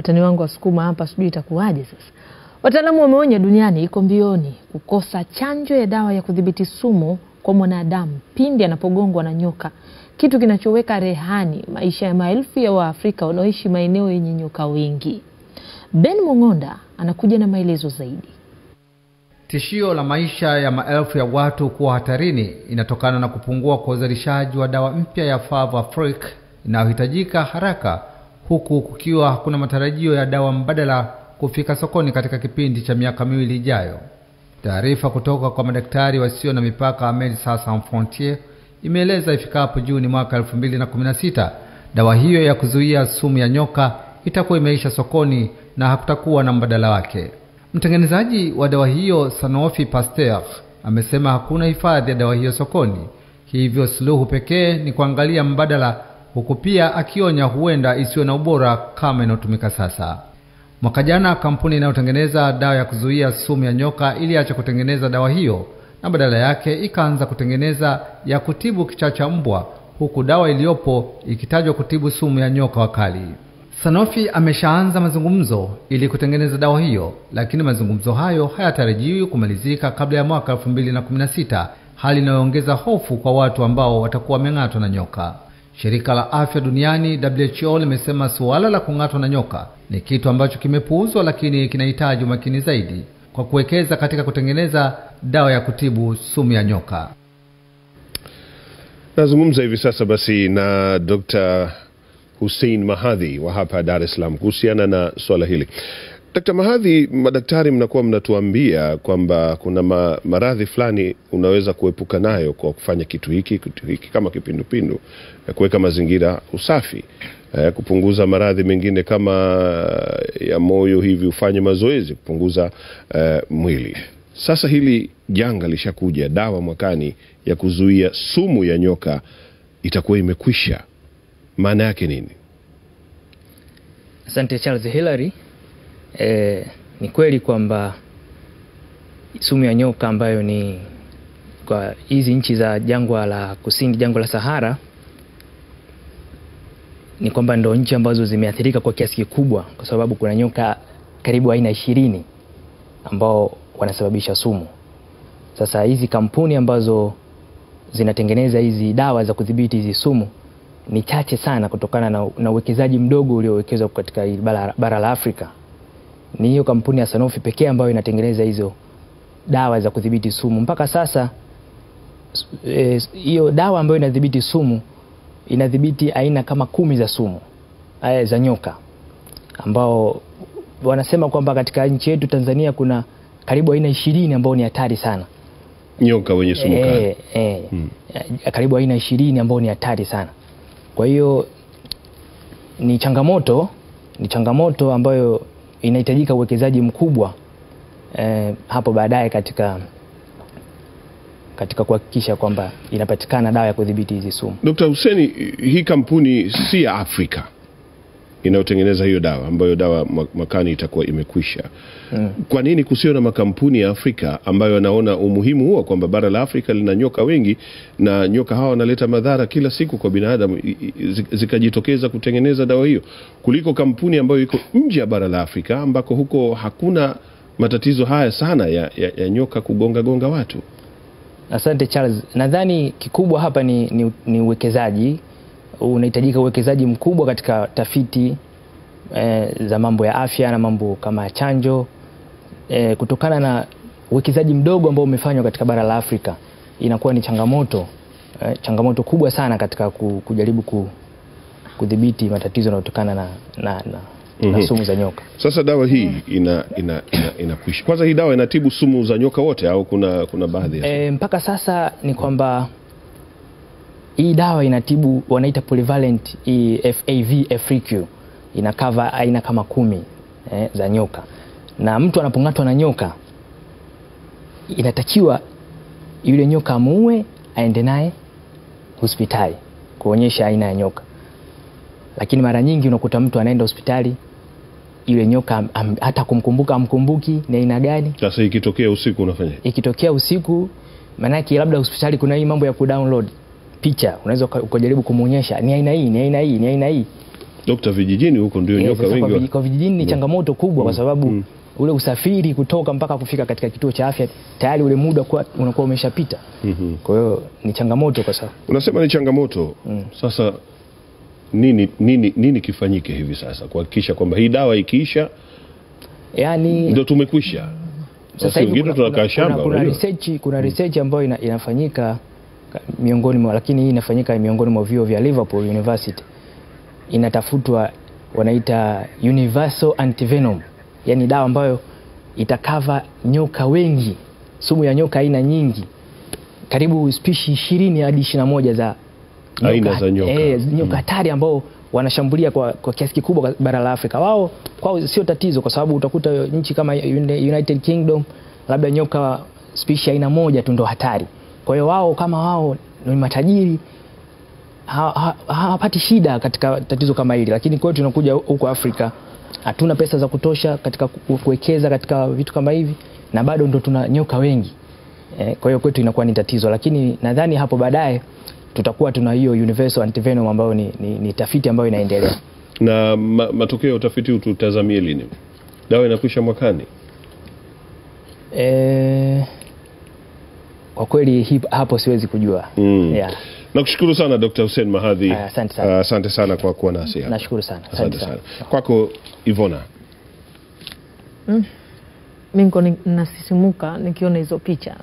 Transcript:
watani wangu wasukuma hapa, sijui itakuwaje sasa. Wataalamu wameonya duniani iko mbioni kukosa chanjo ya dawa ya kudhibiti sumu kwa mwanadamu pindi anapogongwa na nyoka, kitu kinachoweka rehani maisha ya maelfu ya Waafrika wanaoishi maeneo yenye nyoka wengi. Ben Mong'onda anakuja na maelezo zaidi. Tishio la maisha ya maelfu ya watu kuwa hatarini inatokana na kupungua kwa uzalishaji wa dawa mpya ya inayohitajika haraka huku kukiwa hakuna matarajio ya dawa mbadala kufika sokoni katika kipindi cha miaka miwili ijayo. Taarifa kutoka kwa madaktari wasio na mipaka Medecins Sans Frontieres imeeleza ifikapo Juni mwaka 2016 dawa hiyo ya kuzuia sumu ya nyoka itakuwa imeisha sokoni na hakutakuwa na mbadala wake. Mtengenezaji wa dawa hiyo Sanofi Pasteur amesema hakuna hifadhi ya dawa hiyo sokoni, hivyo suluhu pekee ni kuangalia mbadala huku pia akionya huenda isiwe na ubora kama inayotumika sasa. Mwaka jana kampuni inayotengeneza dawa ya kuzuia sumu ya nyoka iliacha kutengeneza dawa hiyo na badala yake ikaanza kutengeneza ya kutibu kichaa cha mbwa, huku dawa iliyopo ikitajwa kutibu sumu ya nyoka wakali. Sanofi ameshaanza mazungumzo ili kutengeneza dawa hiyo, lakini mazungumzo hayo hayatarajiwi kumalizika kabla ya mwaka 2016, hali inayoongeza hofu kwa watu ambao watakuwa wameng'atwa na nyoka. Shirika la Afya Duniani WHO limesema suala la kung'atwa na nyoka ni kitu ambacho kimepuuzwa, lakini kinahitaji umakini zaidi kwa kuwekeza katika kutengeneza dawa ya kutibu sumu ya nyoka. Nazungumza hivi sasa basi na Dr. Hussein Mahadhi wa hapa Dar es Salaam kuhusiana na swala hili. Dakta Mahadhi, madaktari mnakuwa mnatuambia kwamba kuna ma, maradhi fulani unaweza kuepuka nayo kwa kufanya kitu hiki kitu hiki, kama kipindupindu, eh, kuweka mazingira usafi, eh, kupunguza maradhi mengine kama eh, ya moyo hivi, ufanye mazoezi, kupunguza uh, mwili. Sasa hili janga lishakuja, dawa mwakani ya kuzuia sumu ya nyoka itakuwa imekwisha, maana yake nini? Asante Charles Hillary. E, ni kweli kwamba sumu ya nyoka ambayo ni kwa hizi nchi za jangwa la kusini, jangwa la Sahara, ni kwamba ndo nchi ambazo zimeathirika kwa kiasi kikubwa, kwa sababu kuna nyoka karibu aina ishirini ambao wanasababisha sumu. Sasa hizi kampuni ambazo zinatengeneza hizi dawa za kudhibiti hizi sumu ni chache sana kutokana na, na uwekezaji mdogo uliowekezwa katika bara, bara la Afrika ni hiyo kampuni ya Sanofi pekee ambayo inatengeneza hizo dawa za kudhibiti sumu mpaka sasa. Eh, hiyo e, dawa ambayo inadhibiti sumu inadhibiti aina kama kumi za sumu e, za nyoka ambao wanasema kwamba katika nchi yetu Tanzania kuna karibu aina ishirini ambao ni hatari sana nyoka wenye sumu kali e, e, hmm. karibu aina ishirini ambao ni hatari sana. Kwa hiyo ni changamoto, ni changamoto ambayo inahitajika uwekezaji mkubwa eh, hapo baadaye katika katika kuhakikisha kwamba inapatikana dawa ya kudhibiti hizi sumu. Dr. Huseni, hii kampuni si ya Afrika inayotengeneza hiyo dawa ambayo dawa mwakani itakuwa imekwisha Hmm. kwa nini kusio na makampuni ya afrika ambayo yanaona umuhimu huo kwamba bara la afrika lina nyoka wengi na nyoka hawa wanaleta madhara kila siku kwa binadamu zikajitokeza kutengeneza dawa hiyo kuliko kampuni ambayo iko nje ya bara la afrika ambako huko hakuna matatizo haya sana ya, ya, ya nyoka kugongagonga watu asante charles nadhani kikubwa hapa ni, ni, ni uwekezaji unahitajika uwekezaji mkubwa katika tafiti e, za mambo ya afya na mambo kama ya chanjo e, kutokana na uwekezaji mdogo ambao umefanywa katika bara la Afrika inakuwa ni changamoto e, changamoto kubwa sana katika kujaribu ku, kudhibiti matatizo yanayotokana na, na, na, mm -hmm. na mhm. sumu za nyoka. Sasa dawa hii ina, ina, ina, ina kwanza hii dawa inatibu sumu za nyoka wote au kuna, kuna baadhi ya e, mpaka sasa ni kwamba hii dawa inatibu wanaita polyvalent FAV FAQ, ina cover aina kama kumi eh, za nyoka, na mtu anapong'atwa na nyoka inatakiwa yule nyoka amuue, aende naye hospitali kuonyesha aina ya nyoka. Lakini mara nyingi unakuta mtu anaenda hospitali yule nyoka am, hata kumkumbuka amkumbuki ni aina gani. Sasa ikitokea usiku unafanya, ikitokea usiku maanake labda hospitali kuna hii mambo ya kudownload picha unaweza ukajaribu kumwonyesha ni aina hii ni aina hii ni aina hii Dokta, vijijini huko ndio yes, nyoka wengi kwa vijijini ni mm. changamoto kubwa kwa mm. sababu mm. ule usafiri kutoka mpaka kufika katika kituo cha afya tayari ule muda kwa unakuwa umeshapita mm -hmm. kwa hiyo ni changamoto kwa sababu Unasema ni changamoto mm. Sasa nini, nini, nini kifanyike hivi sasa kuhakikisha kwamba hii dawa ikiisha, yani ndio tumekwisha sasa hivi? Kuna, kuna, kuna, kuna research, kuna mm. research ambayo ina, inafanyika miongoni mwa, lakini hii inafanyika miongoni mwa vyuo vya Liverpool University, inatafutwa wanaita universal antivenom, yani dawa ambayo itakava nyoka wengi, sumu ya nyoka aina nyingi, karibu spishi ishirini hadi ishirini na moja za nyoka, aina za nyoka, eh, mm. nyoka hatari hmm, ambao wanashambulia kwa, kwa kiasi kikubwa bara la Afrika. Wao kwao sio tatizo, kwa sababu utakuta nchi kama United Kingdom labda nyoka spishi aina moja tu ndo hatari. Kwa hiyo wao kama wao ni matajiri hawapati ha, ha, shida katika tatizo kama hili, lakini kwetu tunakuja huko Afrika hatuna pesa za kutosha katika kuwekeza katika vitu kama hivi, na bado ndo tuna nyoka wengi e, kwa hiyo kwetu inakuwa ni tatizo, lakini nadhani hapo baadaye tutakuwa tuna hiyo universal antivenom ambayo ni, ni, ni tafiti ambayo inaendelea. Na ma, matokeo ya utafiti huu tutazamie lini? Dawa inakwisha mwakani? Eh, kwa kweli hapo siwezi kujua mm. yeah. Nakushukuru sana Dr. Hussein Mahadhi. Asante sana. Ah, asante sana kwa kuwa nasi hapa. Nashukuru sana. Asante sana. Kwako Ivona. Mm. Mimi niko nasisimuka nikiona hizo picha.